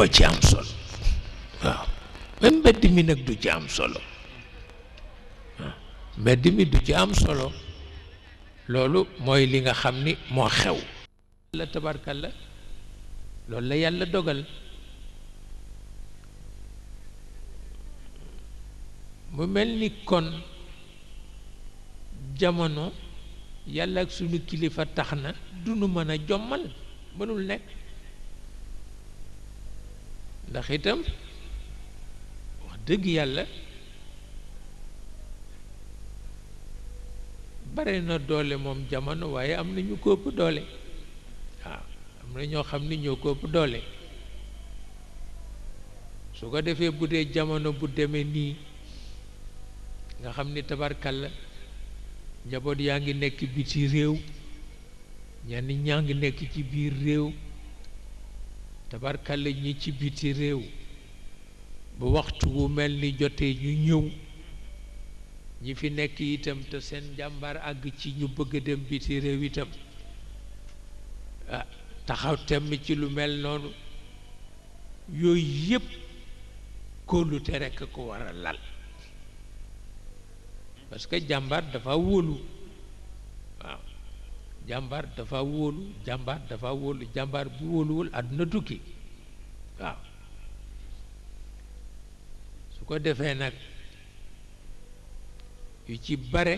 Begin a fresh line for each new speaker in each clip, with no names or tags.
moo ci am solo waaw mbedd mi nag du ci am solo mbedd mi du ci am solo loolu mooy li nga xam ni moo xew la tabarkalla loolu la yàlla dogal mu mel ni kon jamono yàlla ak sunu kilifa tax na du nu mën a jommal mënul nekk ndax itam wax dëgg yàlla bare na doole moom jamono waaye am na ñu ko ëpp doole waaw am na ñoo xam ni ñoo ko ëpp doole su ko defee bu dee jamono bu demee nii nga xam ni tabarkal la njaboot yaa ngi nekk bi ci réew ñenn ñaa ngi nekk ci biir réew tabarkalla ñi ci biti réew bu waxtu wu mel ni jotee ñu ñëw ñi fi nekk itam te seen njàmbaar àgg ci ñu bëgg dem biti réew itam ah taxaw temm ci lu mel noonu yooyu yépp kóolute rek ko war a lal parce que jàmbaar dafa wóolu waaw jàmbaar dafa wóolu jàmbaar dafa wóolu jàmbaar bu wóoluwul àdduna tukki waaw su ko defee nag yu ci bare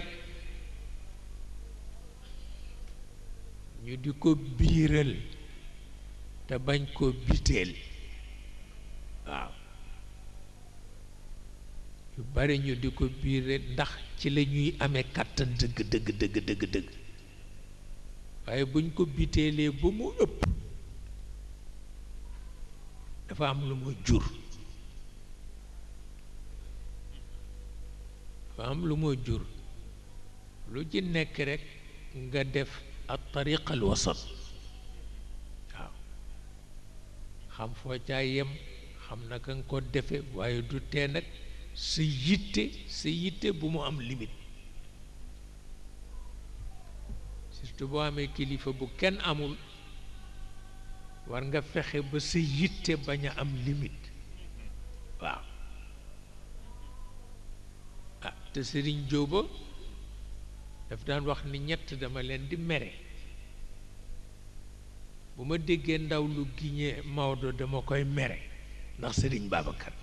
ñu di ko biiral te bañ ko biteel waaw yu bare ñu di ko biiral ndax ci la ñuy amee kàttan dëgg dëgg dëgg dëgg waaye buñ ko biteelee ba mu ëpp dafa am lu mu jur dafa lu mu jur lu ci nekk rekk nga def at tariqa al wasat waaw xam foo caa yem xam naka nga ko defe waaye du tee nag sa yitte sa yitte bu mu am limite surtout boo amee kilifa bu kenn amul war nga fexe ba sa yitte bañ a am limite waaw ah te sëriñ jóoba daf daan wax ni ñett dama leen di mere bu ma déggee ndaw lu giñe Maodo dama koy mere ndax sëriñ Babacar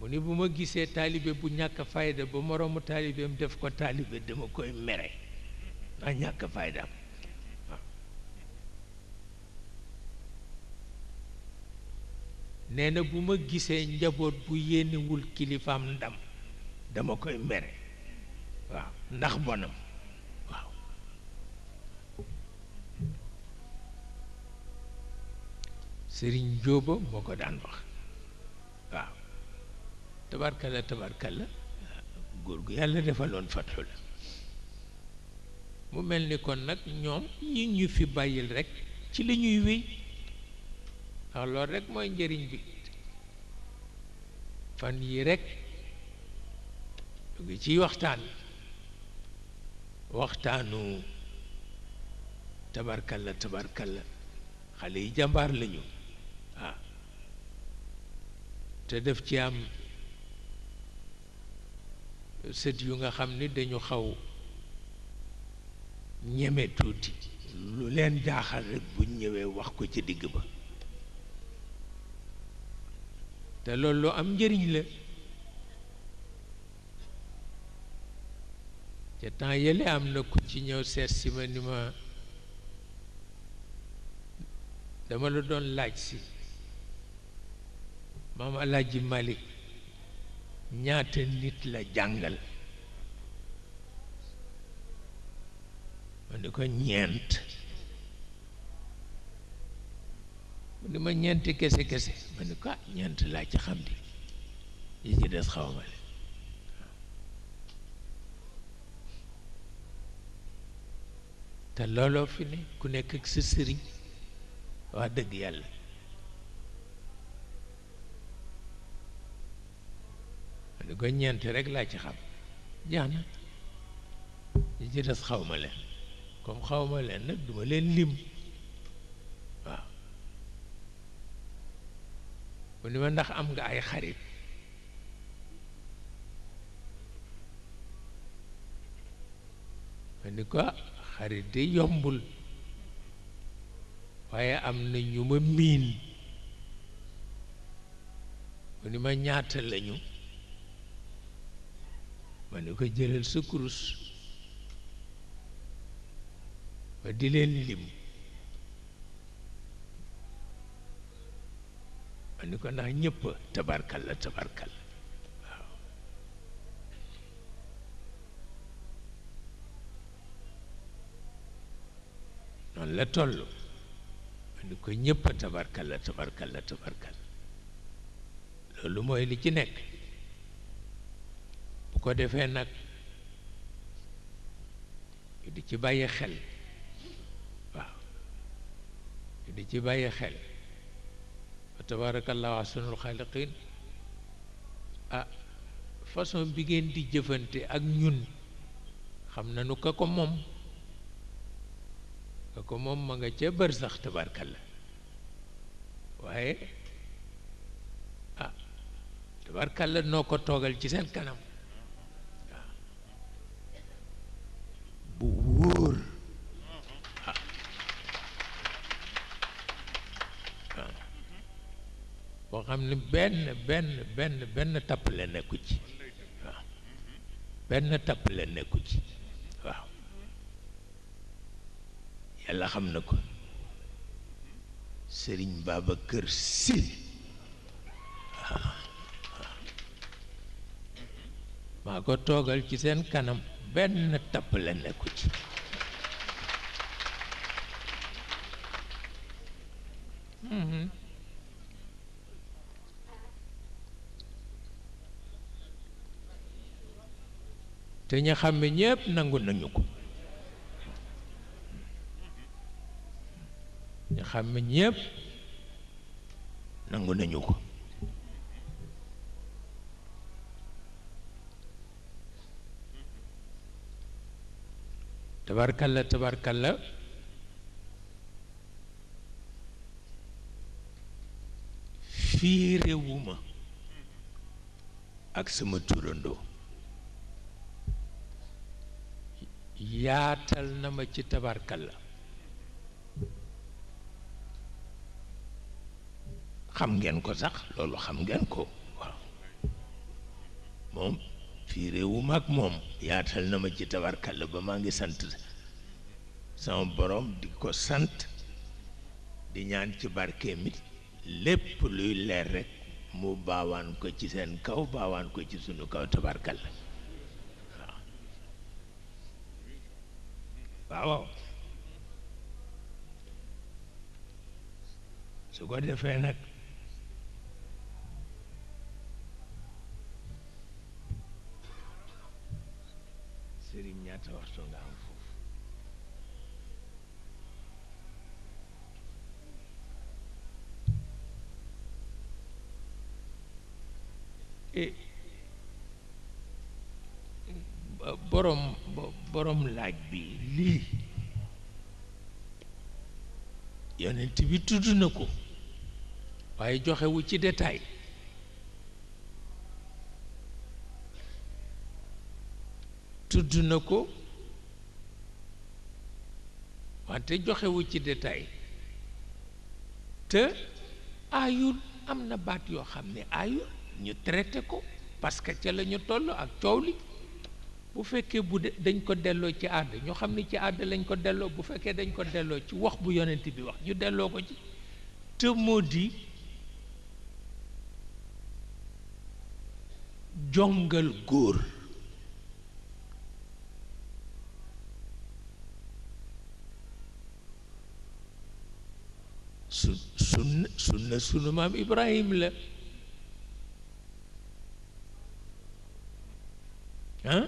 mu ni bu ma gisee taalibe bu ñàkk fayda ba moroomu taalibeem def ko taalibe dama koy mere nee na bu ma gisee njaboot bu yéenewul kilifaam ndam dama koy mere ndax bonam waaw sëriñ Jóoba moo ko daan wax tabarkalla la góor gu yàlla defaloon fatxu la mu mel ni kon nag ñoom ñi ñu fi bàyyil rekk ci li ñuy wéy ndax rekk mooy njëriñ bi fan yi rekk ñu waxtaan waxtaanu tabarkalla tabarkalla xale yi jàmbaar lañu ah te def ci am sët yu nga xam ni dañu xaw ñeme tuuti lu leen jaaxal rek buñ ñëwee wax ko ca digg ba te loolu lu am njëriñ la ca temps yële am na ku ci ñëw seet si ma ni ma dama la doon laaj si maam Alaaji Malik ñaata nit la jàngal ma ni ko ñeent mu ni ma ñeenti kese kese ma ni ko ah, ñeent laa ci xam di yi ci des xaw ma leen te looloo fi ne ku nekk ak sa sëriñ wax dëgg yàlla ne ko ñeent rek laa ci xam jeex na li ci des xaw ma leen comme xaw ma leen nag duma leen lim waaw mu ni ma ndax am nga ay xarit ma ni ko xarit de yombul waaye am na ñu ma miin mu ni ma ñaata lañu ma ne ko jëlal sa kurus ba di leen lim ma ne ko ndax ñëpp tabarkal la tabarkal waaw noonu la toll ma ne ko ñëpp tabarkal la tabarkal la tabarkal loolu mooy li ci nekk ko defee nag di ci bàyyi xel waaw di ci bàyyi xel wa tabarakallahu ahsanul xaaliqin ah façon bi ngeen di jëfante ak ñun xam na nu ka ko moom ka ko moom ma nga ca bër sax tabarkalla waaye ah tabarkalla noo ko toogal ci seen kanam xam ne benn benn benn benn tappale nekku ci waaw benn tappale nekku ci waaw yàlla xam na ko sëriñ Babacar Sy waaw maa ko toogal ci seen kanam benn tappale nekku ci hmm. te ña xam ne ñépp nangu nañu ko ña xam ñépp nangu nañu ko tabarkalla tabarkalla fii réewu ma ak sama turandoo yaatal na ma ci la xam ngeen ko sax loolu xam ngeen ko waaw moom fii réewu mag moom yaatal na ma ci tabarkal la ba maa ngi sant sama boroom di ko sant di ñaan ci barkeem it lépp luy leer rekk mu baawaan ko ci seen kaw baawaan ko ci sunu kaw tabarkal la waaw su ko defee nag sëriñ ñaata waxtu nga am foofu eh, eh, borom borom laaj bi lii yonent bi tudd na ko waaye joxewu ci détail tudd na ko wante joxewu ci détail te aayul am na baat yoo xam ne aayul ñu traité ko parce que ca la ñu toll ak coow li bu fekkee bu dañ ko delloo ci àdd ñu xam ni ci àdd lañ ko delloo bu fekkee dañ ko delloo ci wax bu yonent bi wax ñu delloo ko ci te di jongal góor su sunn sunna sunu maam Ibrahim la ah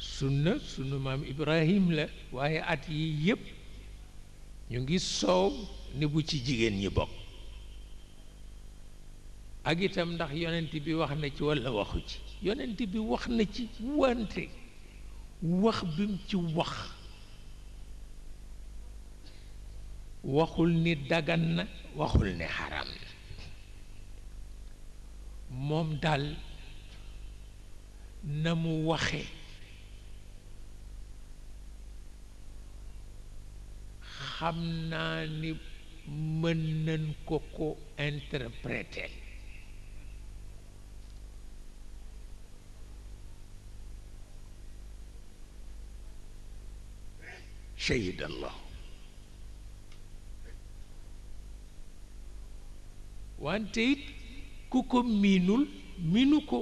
sunna sunu maam ibrahim la waaye at yi yépp ñu ngi soow ni bu ci jigéen ñi bokk ak itam ndax yonent bi wax na ci walla waxu ci yonent bi wax na ci wante wax bi mu ci wax waxul ni dagan na waxul ni xaram na moom dal na mu waxe xam naa ni mën nañ ko ko interpréter شهد wante it ku ko miinul miinu ko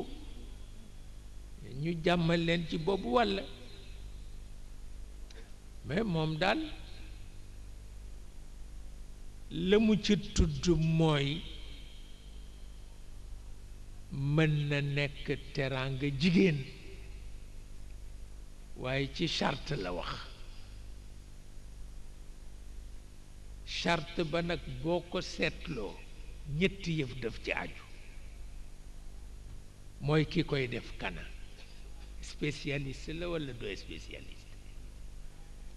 ñu jàmmal leen ci boobu walla mais moom daal la mu ci tudd mooy mën na nekk teraanga jigéen waaye ci charte la wax charte ba nag boo ko seetloo ñetti yëf def ci aju mooy ki koy def kana spécialiste la walla doo spécialiste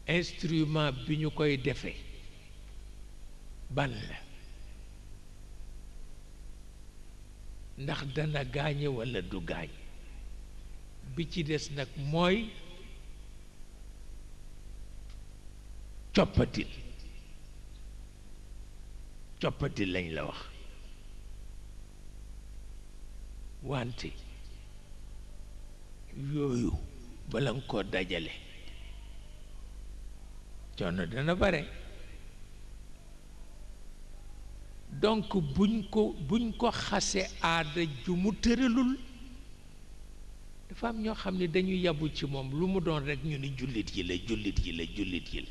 instrument bi ñu koy defee balle ndax dana gaañe walla du gaañ bi ci des nag mooy coppatil coppatil lañ la wax wante yooyu bala nga koo dajale coono dana bare donc buñ ko buñ ko xase aada ju mu tëralul dafa am ñoo xam ne dañu yabu ci moom lu mu doon rekk ñu ni jullit yi la jullit yi la jullit yi la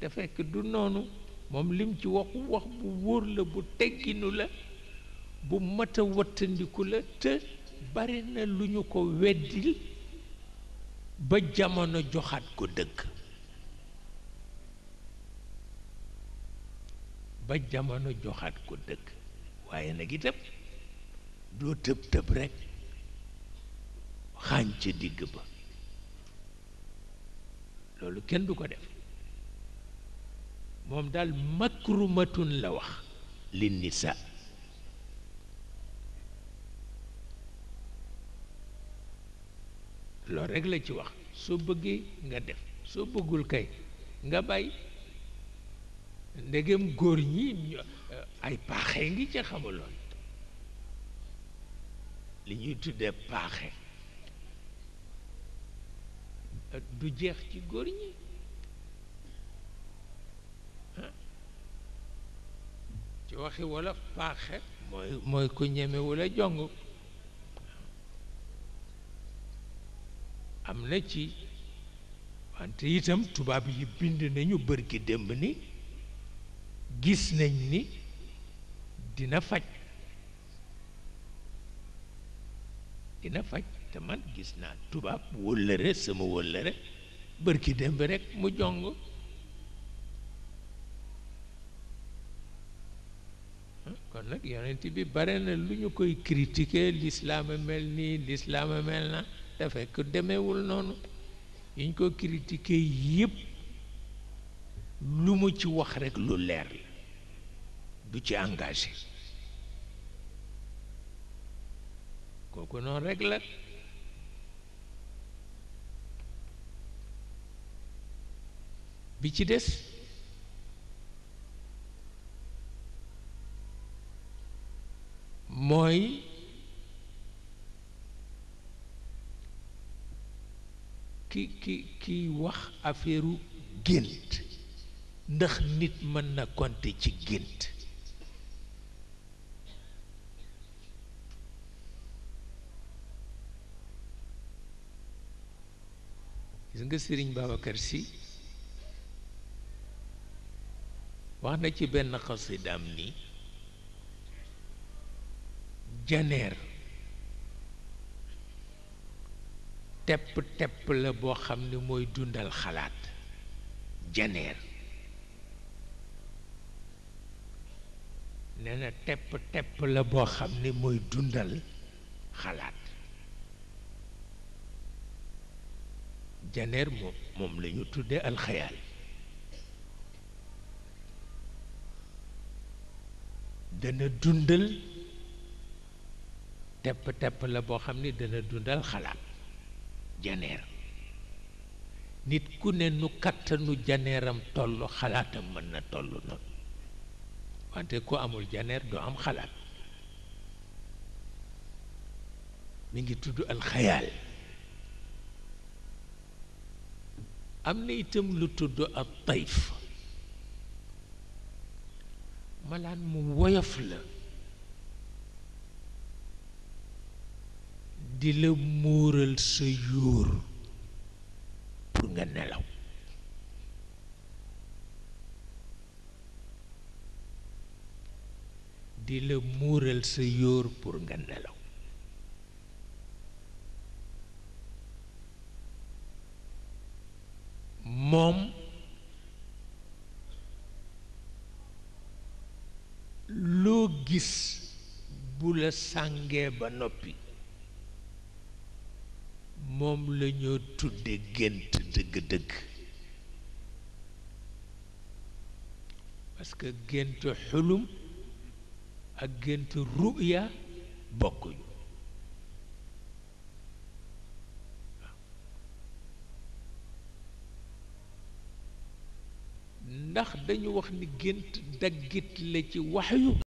te fekk du noonu moom lim ci waxu bu wóor la bu tegginu la bu mat a wattandiku la te bari lu ñu ko weddil ba jamono joxaat ko dëgg ba jamono joxaat ko dëkk waaye nag itam doo tëb tëb rek xaañ digg ba loolu kenn du ko def moom daal makrumatun la wax li nisa loolu rekk la ci wax soo bëggee nga def soo bëggul kay nga bàyyi ndegem góor ñi euh, ay paaxe ngi ci xamuloon li ñuy tuddee paaxe euh, du jeex ci góor ñi ci waxi walla paaxe mooy mooy ku ñeme wala jong am na ci wante itam tubaab yi bind nañu bërki démb ni gis nañ ni dina faj dina faj te man gis naa tubaab wóllëre sama wóllëre bërki démb rek mu jong kon nag yonent bi bare na lu ñu koy critiquer lislaama mel nii lislaama mel na te fekk demewul noonu yi ñu ko critiquer yépp lu mu ci wax rekk lu leer la du ci engagé kooku noonu rekk la bi ci des mooy ki ki kiy wax affaireu gént ndax nit mën na konte ci gént gis nga Sëriñ Babacar Sy wax na ci benn xasidaam ni janeer tepp tepp la boo xam ne mooy dundal xalaat janeer nee na tepp tepp la boo xam ne mooy dundal xalaat janeer moom tuddee alxayaal dana dundal tepp la boo xam ne dana dundal xalaat janeer nit ku ne nu kattanu janeeram tollu xalaatam mën na toll noonu wante ko amul janeer du am xalaat mi ngi tudd alxayaal am na itam lu tudd ab tayf malaan mu woyof la di la muural sa yóor pour nga nelaw di la muural sa yóor pour nga nelaw moom loo gis bu la sàngee ba noppi moom la ñoo tudde gént dëgg-dëgg parce gént xulum أجنت الرؤية بقي نخدن وخني جنت دقت لكي